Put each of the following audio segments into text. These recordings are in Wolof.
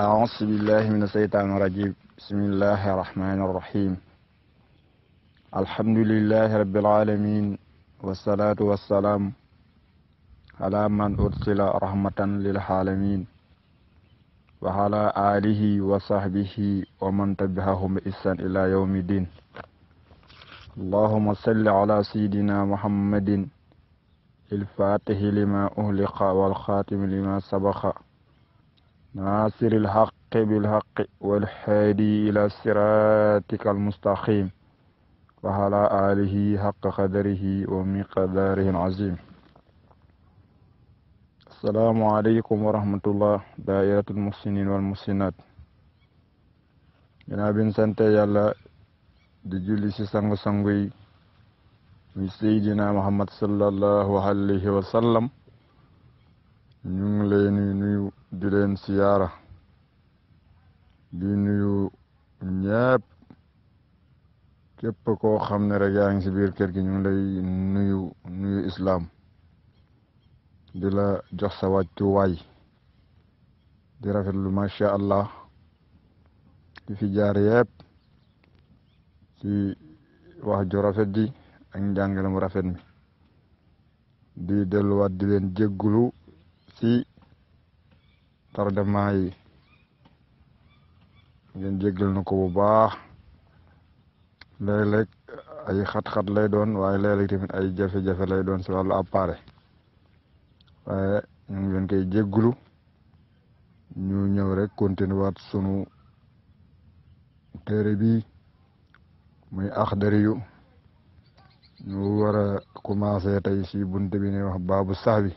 أعوذ بالله من الشيطان الرجيم بسم الله الرحمن الرحيم الحمد لله رب العالمين والصلاة والسلام على من أرسل رحمة للعالمين وعلى آله وصحبه ومن تبعهم بإحسان إلى يوم الدين اللهم صل على سيدنا محمد الفاتح لما أهلق والخاتم لما سبق ناصر الحق بالحق والحادي إلى صراطك المستقيم وعلى آله حق قدره ومقداره العظيم السلام عليكم ورحمة الله دائرة المسنين والمسنات ينا بن سنت يلا دجولي سسانغ سانغوي سيدنا محمد صلى الله عليه وسلم نيوم نيو di siara siyaara di nuyu ñepp kep ko xamne rek yaa ngi si biir kër gi ñu lay nuyu nuyu islam di la jox sa way di rafetlu allah di fi jaar yépp ci wax ju rafet di ak njàngale rafet mi di delluwaat di leen jéggulu ci tardement yi ngeen jéggal na ko bu baax léeg-léeg ay xat-xat lay doon waaye léeg-léeg tamit ay jafe-jafe lay doon si wàllu appareil waaye ñu ngi leen koy jéggulu ñu ñëw rek continuer waat sunu téere bi muy axdari yu ñu war a commencé tey si bunte bi ne wax baabu sax bi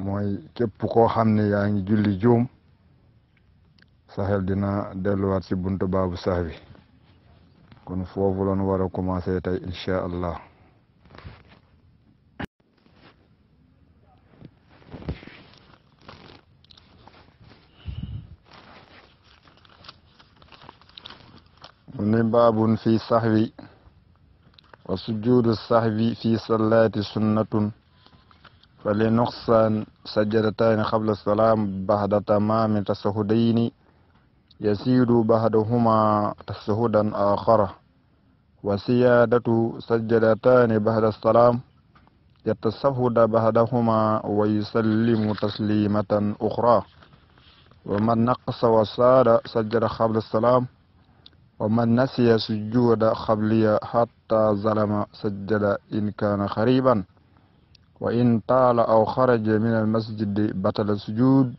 moy keppu ko xamne yaangi julli joom sahel dina delluwaat ci buntu baabu sax bi kon foofu lan war a commencé tey incha allah mu ni baabun fii sax wi wa sujudu sax wi fii sallaati sunnatun فلنقصن سجدتين قبل السلام بعد تمام تسهدين يسير بعدهما تسهدا آخر وسيادة سجدتان بعد السلام يتسهد بعدهما ويسلم تسليمة أخرى ومن نقص وساد سجد قبل السلام ومن نسي سجود قبلي حتى ظلم سجد إن كان خريبا وإن طال أو خرج من المسجد بطل السجود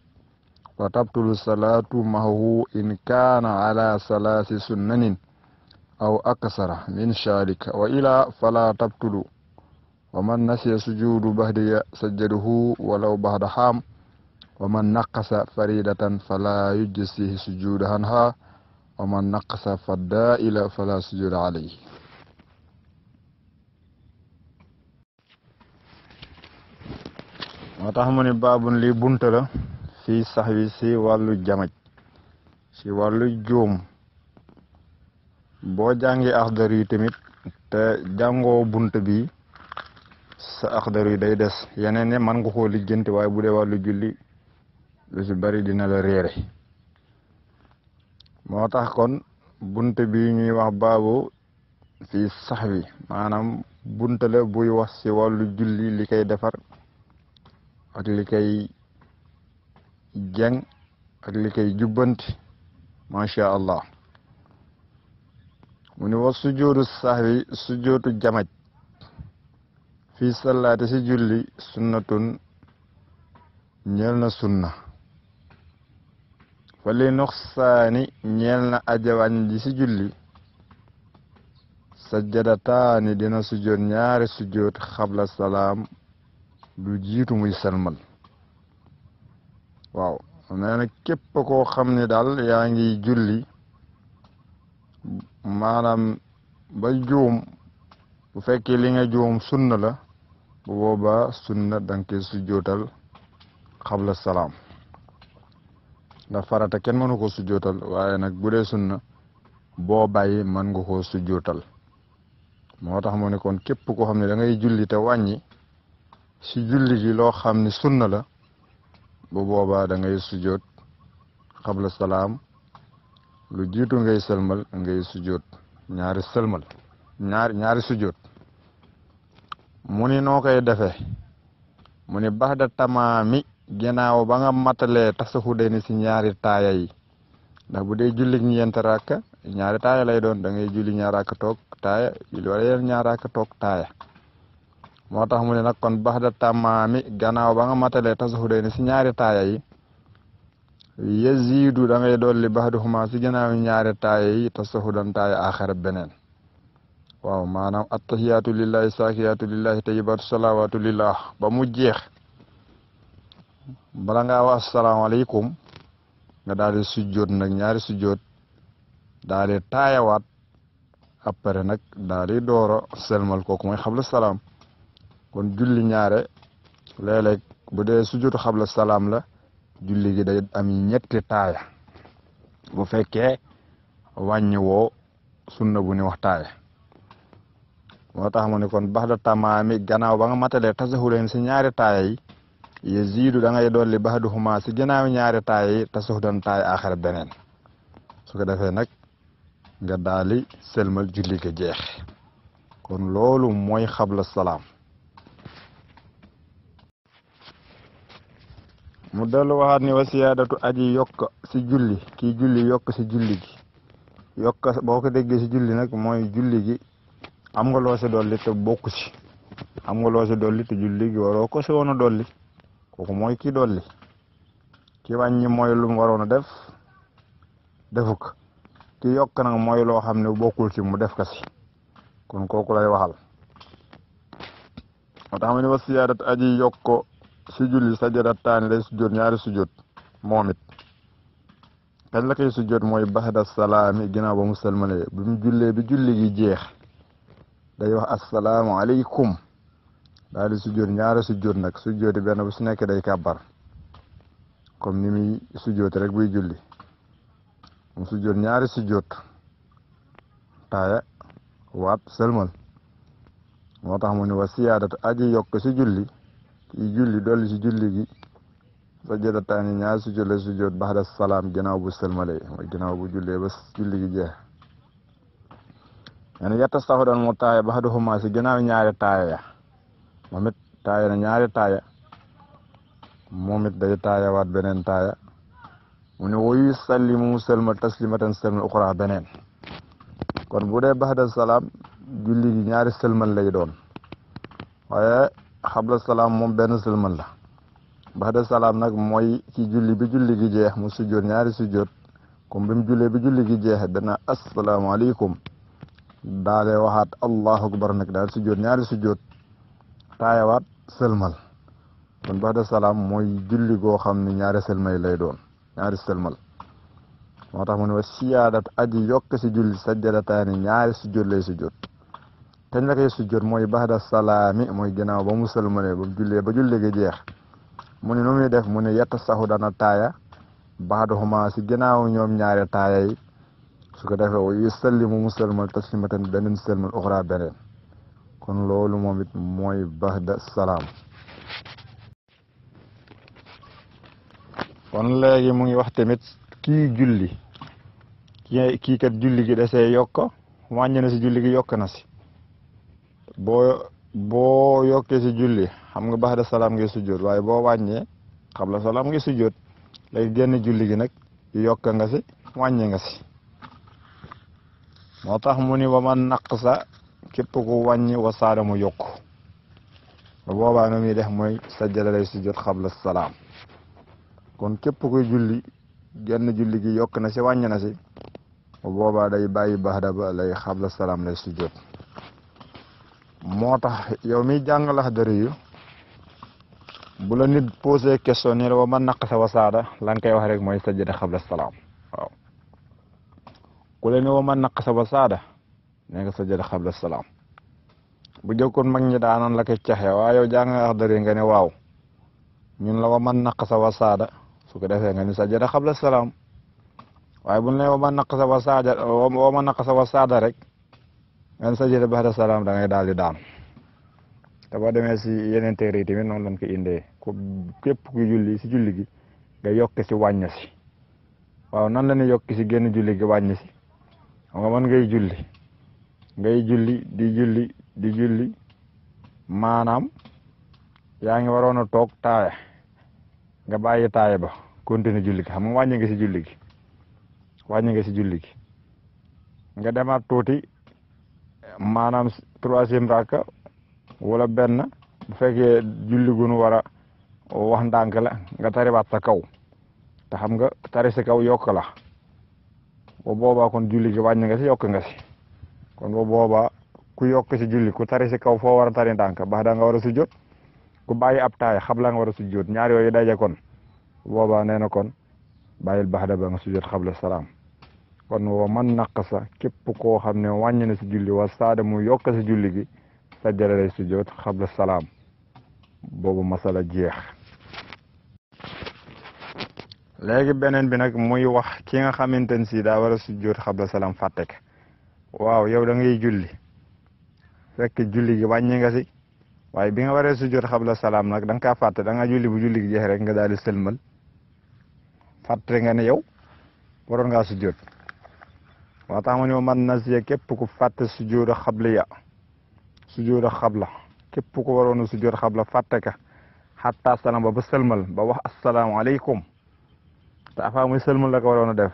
وتبطل الصلاة معه إن كان على ثلاث سنن أو أكثر من شارك وإلى فلا تبطل ومن نسي سجود بهد سجده ولو بعد حام ومن نقص فريدة فلا يجزيه سجود عنها ومن نقص فالدائل فلا سجود عليه moo tax mu ne baabun lii bunta la fii sax wi si wàllu jamaj si wàllu juum boo jàngi axdar yi tamit te jàngoo bunt bi sa axdar yi day des yeneen ne mën nga koo lijjanti waaye bu dee wàllu julli lu si bari dina la réere moo tax kon bunt bi ñuy wax baabu fii sax wi maanaam bunta la buy wax si wàllu julli li koy defar ak likay jeng ak likay jubant ma sha allah muni wa sujudu sahwi sujudu jamaj fi salati si julli sunnatun nyelna sunna walli nuxsani nyelna ajawan di si julli sajjadataani dina sujud ñaari sujud khabla salam lu jiitu muy salmal waaw nee na képp koo xam ne daal yaa ngi julli maanaam ba juum bu fekkee li nga juum sunna la bu boobaa sunna danga koy sujjootal xabla salaam ndax farata kenn mënu ko sujjootal waaye nag bu dee sunna boo bàyyi mën nga koo sujjootal moo tax mu ne kon képp koo xam ne dangay ngay julli te wàññi si julli ji lo xamni sunna la bu boba da ngay sujjoot qabla salam lu jitu ngay selmal ngay sujjoot ñaari selmal ñaari ñaari sujjoot muni ni noo koy defee mu ni ba nga matalé tasahu de ni si ñaari taaya yi ndax bu de julli yent rakk ñaari taaya lay doon da ngay julli ñaar rakk tok taaya julli wala yeneen ñaar taaya moo tax mu ne nag kon bax da tamaami ba nga matalee tasahudee ni si ñaari taaya yi yaziidu da ngay dolli bax duxuma si gannaaw ñaari taaya yi tasahudan taaya axara beneen waaw maanaam attahiyaatu lillahi saakiyaatu lillahi tayibaatu salawaatu lillah ba mu jeex bala ngaa wax asalaamaaleykum nga daal di sujjoot nag ñaari sujjoot daal di taayawaat après nag daal di dooro selmal kooku mooy xabla salaam kon julli ñaare léeg-léeg bu dee sujudu xabla salaam la julli gi day am ñetti taaya bu fekkee wàññi woo sunna bu ni wax moo tax mu ne kon bax da tamaami gannaaw ba nga matalee tasahuleen si ñaari taaya yi yaziidu da ngay dolli bax du xuma si gannaaw ñaari taaya yi tasahudan taaya axar beneen su ko defee nag nga daali selmal julli ga jeex kon loolu mooy xabla salaam mu dellu waxaat ni wa siyaadatu aji yokk si julli kii julli yokk si julli gi yokk boo ko déggee si julli nag mooy julli gi am nga loo si dolli te bokku am nga loo si dolli te julli gi waroo ko si woon a dolli kooku mooy kii dolli ki wàññi mooy lum mu waroon a def defu ko ki yokk nag mooy loo xam ne bokkul ci mu def ko si kon kooku lay waxal moo tax ma ne wa siyaadat aji yokk si julli sajada taani lay sujjoot ñaari sujjoot moom it kañ la koy sujjoot mooy baxda salaami ginnaaw ba mu salmale bi mu jullee bi julli gi jeex day wax assalaamu aleykum daal di sujjoot ñaari sujjoot nag sujjooti benn bu su nekk day kàbbar comme ni muy sujjooti rek buy julli mu sujjoot ñaari sujjoot waat sëlmal moo tax mu ne wa siyaadatu aji yokk si julli kii julli dolli si julli gi sajadataani ñaar sujjóot la sujjóot baxda salaam ginnaaw bu sëlmale mooy ginnaaw bu jullee ba julli gi jeex nee na yetta doon mu taaya baxda xumaa si ginnaaw ñaari taaya ya moom taaya na ñaari taaya moom it day taaya waat beneen taaya mu ne woyu sallimu sëlma taslimatan sëlma uxra beneen kon bu dee baxda salaam julli gi ñaari sëlmal lay doon waaye xabla salaam moom benn sëlmal la baxda salaam nag mooy ci julli bi julli gi jeex mu sujjoot ñaari sujjoot comme bi mu jullee bi julli gi jeex dana asalaamaaleykum daale waxaat allahu akbar nag daal sujjoot ñaari sujjoot taayawaat sëlmal kon baxda salaam mooy julli goo ni ne ñaari sëlmay lay doon ñaari sëlmal moo tax mu ne wa siyaadat aji yokk si julli sajjadataani ñaari sujjoot lay sujjoot te naka sujjor mooy bahda salami mooy ginaaw ba musulmane bu julle ba julle gi jeex mu ne def mune yatta sahu saxu dana taaya huma si ginaaw ñom ñaare taaya yi su ko defee wa yusallimu musulman taslimatan benen sëlmal ukhra benen kon loolu momit moy mooy salam kon legi mu ngi wax tamit ki julli ki kat julli gi dese yokko wàññi ci julli gi yokk na boo boo yokkee si julli xam nga baxda salaam ngay sujjoot waaye boo wàññee xam la salaam ngay sujjoot léegi genn julli gi nag yokk nga si wàññi nga si moo tax mu ni wa man naqsa képp ku wàññi wasaare mu yokku ba boobaa nu muy def mooy sajjada lay sujjoot xabla salaam kon képp kuy julli genn julli gi yokk na si wàññi na si ba boobaa day bàyyi baxda ba lay xabla salaam lay sujjoot motax yow mi jangal hadari yu bu la nit poser question ni wa man naqsa wa sada neng kay wax rek moy sajada khabla salam ko le ni wa man naqsa wa sada ne nga sajada khabla salam bu jokon mag ni daanan la wa yow hadari nga ne waw ñun la wa man naqsa wa sada su ko defé nga ni khabla salam waye bu wa man naqsa wa sada wa man naqsa wa sada rek. an sajada baxda salaam da ngay daal di daan te boo demee si yeneen téere yi tamit noonu lañ ko indee ku képp ku julli si julli gi nga yokk si wàññi si waaw nan la ñuy yokk si génn julli gi wàññi si xam nga man ngay julli ngay julli di julli di julli maanaam yaa ngi waroon a toog taaya nga bàyyi taaya ba continue julli gi xam nga wàññi si julli gi wàññi nga si julli gi nga demaat tuuti manam troisième raka wala ben bu fekke julli gun war a wax ndank la nga wat sa kaw ta xam nga tari sa kaw yok la bo boba kon julli gi wañ nga si yok nga ci kon bo boba ku yok si julli ku tari sa kaw fo wara tari ndank ba da nga wara a ku bàyyi ab xam la nga wara a ñaar yoy dajé kon boba nee kon bàyyil ba nga xabla salam kon wa man naqasa kep ko xamne ne na ci julli wa saada mu yok ci julli gi jarale su jot khabla salam bobu masala jeex legi benen bi nak muy wax ki nga xamanteni si daa war a sujjoot xabla salaam fàttek waw yow da ngay julli fek julli gi wàññi nga ci waaye bi nga waree su jot khabla salam nak dang ka fàtte da nga julli bu julli gi jeex rek nga daal selmal sëlmal nga ne yow nga su jot moo tax mu ne man nasiya képp ku fàtte sujjóoda xabliya sujjóoda xabla képp ku waroon a sujjóoda xabla fàtte ka xataa salaam ba ba sëlmal ba wax asalaamaaleykum te afaa muy sëlmal la ko waroon a def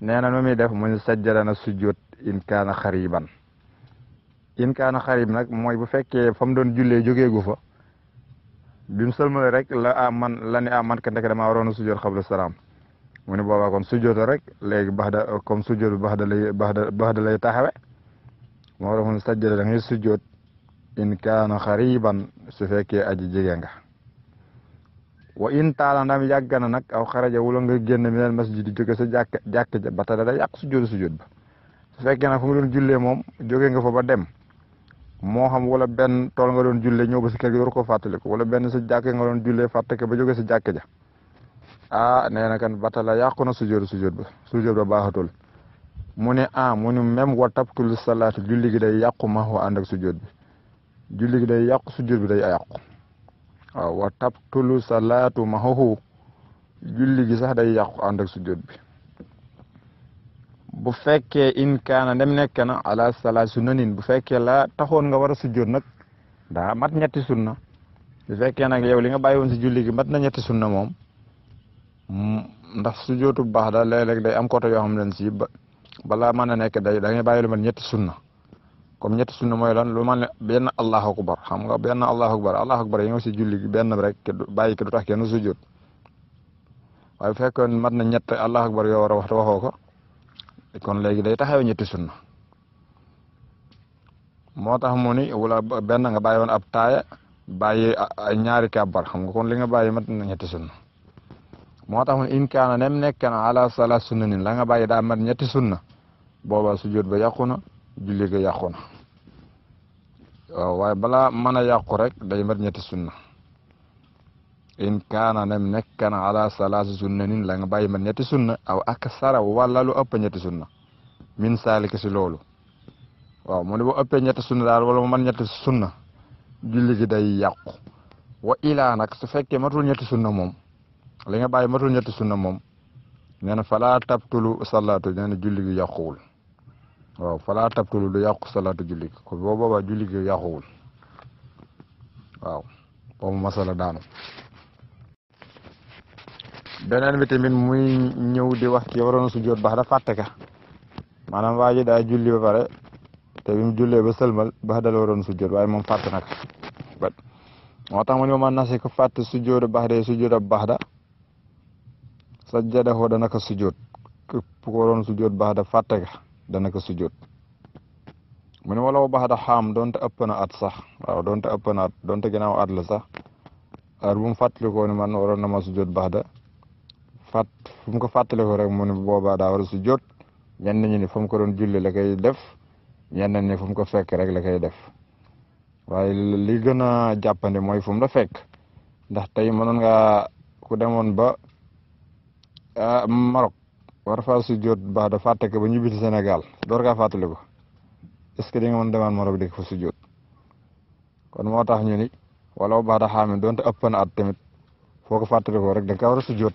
nee na nu muy def mun sajjada na sujjóot in kaana xariban in kaana xarib nag mooy bu fekkee fa mu doon jullee jógeegu fa bi mu sëlmale rek la ah man la ne ah man ka ndek damaa waroon a sujjóot xabla salaam wone ne boobaa kon sujjóota rek léegi bax da comme sujjóot bi bax da lay bax da bax da lay taxawe moo tax mu ne sajjada da ngay sujjóot in kaana xariban su fekkee aji jege nga wa in taala ndam yàgg na nag aw xaraja wula nga génn minal masjid di jóge sa jàkk jàkk ja ba tare da yàq sujjóot sujjóot ba su fekkee nag fu nga doon jullee moom jóge nga fa ba dem moo xam wala benn tool nga doon jullee ñëw ba si kër gi door ko fàttaliku wala benn sa jàkk nga doon jullee fàtte ba jóge sa jàkk ja ah nee na kan batala yàqu na sujjóot sujjóot ba sujjóot ba baaxatul mu ne ah mu ne même wa tabtul salaat julli gi day yàqu ma wa ànd ak sujjóot bi julli gi day yàqu sujjóot bi day yàqu waaw wa tabtul salaatu ma xooxu sax day yàqu ànd ak sujjóot bi bu fekkee in kaana dem nekk na ala salaa sunanin bu fekkee la taxoon nga war a sujjóot nag daa mat ñetti sunna bu fekkee nag yow li nga bàyyi woon si julli gi mat na ñetti sunna moom ndax sujootu baax daal léeg-léeg day am côté yoo xam ne si balaa mën a nekk day da ngay bàyyi lu mel ñetti sunna comme ñetti sunna mooy lan lu mel ne benn allahu akbar xam nga benn allahu akbar allahu akbar yi nga si julli benn rek bàyyi ki du tax kenn sujoot waaye fekkoon mat na ñett allahu akbar yoo war a wax te waxoo ko kon léegi day taxawee ñetti sunna moo tax moo ni wala benn nga bàyyi woon ab taaya bàyyi ñaari kàbbar xam nga kon li nga bàyyi mat na ñetti sunna moo tax mu in kaana nem nekk na ala sala sunna nin la nga bàyyi daa mat ñetti sunna booba sujjóot ba yàqu na julli ga yàqu na waaw waaye balaa mën a yàqu rek day mat ñetti sunna in kaana nem nekk na ala sala sunna nin la nga bàyyi mat ñetti sunna aw aksara sara wala lu ëpp ñetti sunna min saalika si loolu waaw mu ne bu ëppee ñetti sunna daal wala mu man ñetti sunna julli gi day yàqu wa ilaa nag su fekkee matul ñetti sunna moom li nga baye matul ñett sunna mom neena fala tabtulu salatu neena julli gi yaqul wa fala tabtulu du yaq salatu julli ko bo baba julli gi yàquwul waaw boobu masala daanu benen bi tamit muy ñew di wax ci su jot bax da fatte ka manam waji da julli ba pare te bimu julle ba selmal bax da la waroon sujjóot waaye moom fàtte na ko moo tax man nasi ko su sujjóot bax su sujjóot bax da sajjadahu dana ko sujud képp ko don sujud ba da ga dana ko sujud mun ne ba da ham don ta na at sax wa don ta na at ta ginnaaw at la sax ar bu fatli ko ni man waroon na ma sujud ba da fat fum ko ko rek mun boba da war a ñi ni fum ko don julli la kay def ñenn ñi fum ko fek rek la kay def waye li gëna jappandi moy fum fu mu la fekk ndax tay mënon nga ku demone ba Ah, Maroc war faa sujjóot baax da fàtte ko ba ñibbi ci Sénégal door kaa fàttali ko est-ce que di nga demaan Maroc di ko fa sujjóot kon moo tax ñu ni wala baax da xaamit doonte ëpp na at tamit foo ko fàttalikoo rek da nga kaa war a sujjóot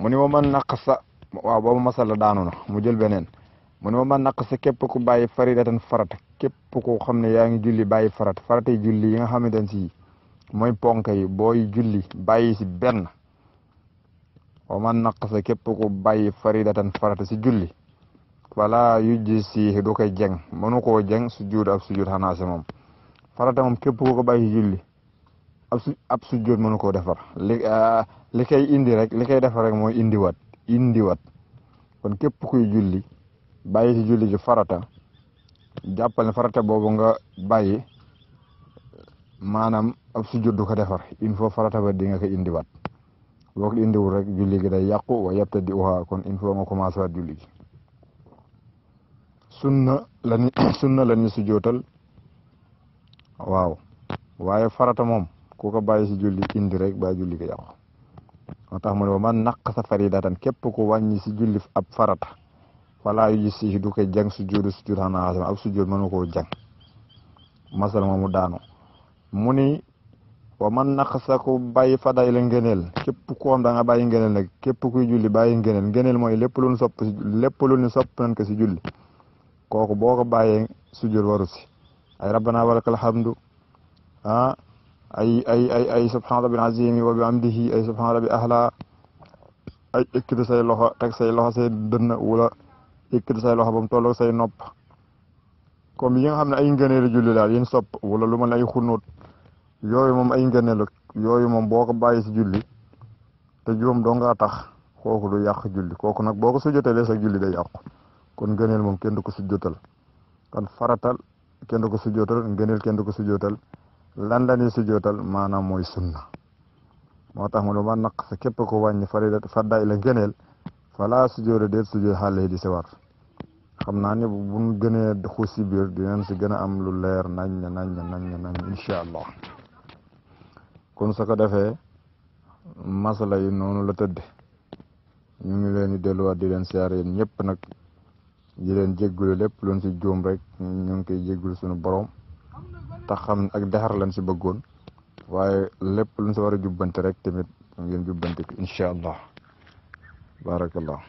mu ni ma man sa waaw boobu masala daanu na mu jël beneen mu ni ma man naqsa képp ku bàyyi faridatan farata képp ku xam ne yaa ngi julli bàyyi farata farata yi julli yi nga xamante ne si mooy ponk yi booy julli bàyyi si benn wa man naqasa képp ku bàyyi faridatan farata si julli wala yujisi du kay jeng manuko jeng sujud ab sujud hana si farata mom kep ko julli ab ab sujud mënu koo defar li li indi rek li koy defar rek wat indi wat kon kep kuy julli bàyyi si julli ci farata jappal na farata bobu nga bàyyi manam ab sujud du ko defar Info farata ba di nga ko wat wok indi wu rek julli gi day yàqu wa yabtadi uha kon il faut nga commencé waat julli gi sunna lani sunna lani su jotal waaw waaye farata moom ku ko bàyyi si julli indi rek ba julli gi yàqu moo tax mu ne man naq sa faridatan képp ku wàññi si julli ab farata falaa yu gis si du ko jang su su xanaa ab su jood mënu koo jang masal mu daanu mu wa man naqasa ku bàyyi faday la ngëneel képp ku am da nga bàyyi ngëneel nag képp kuy julli bàyyi ngëneel ngëneel mooy lépp lu ñu sopp lépp lu ñu sopp nañ ko si julli kooku boo ko bàyyee sujjul waru si ay rabbana walakal hamdu ah ay ay ay ay subhaana rabbil azimi wa bi amdihi ay subhaana rabbi ahla ay ekkiti say loxo teg say loxo say dënn wala ekkiti say loxo ba mu tolloo say nopp comme yi nga xam ne ay ngëneelu julli daal yéen sopp wala lu ma ne ay xunuut yooyu moom ay ngëneel ak yooyu moom boo ko bàyyi si julli te juróom doo tax kooku du yàq julli kooku nag boo ko sujjotalee sa julli day yàqu kon ngëneel moom kenn du ko sujjotal kon faratal kenn du ko sujjotal ngëneel kenn du ko sujjotal lan la ñuy sujjotal maanaam mooy sunna moo tax ma lu ma naq sa képp ko wàññi farida faddaay la ngëneel falaa sujjooda déet sujjoot xale yi di war xam naa ne buñ gënee xuus si biir dinañ si gën a am lu leer nañ nañ nañ nañ incha allah kon sa ko defee masala yi noonu la tëdd ñu ngi leen di delluwaat di leen siyaar yéen ñëpp nag di leen jéggulu lépp luñ si jóom rek ñu ngi koy jéggul sunu borom te xam ak dexar lañ si bëggoon waaye lépp luñ ci war a jubbante rek tamit ngeen jubbante ko incha allah barakallah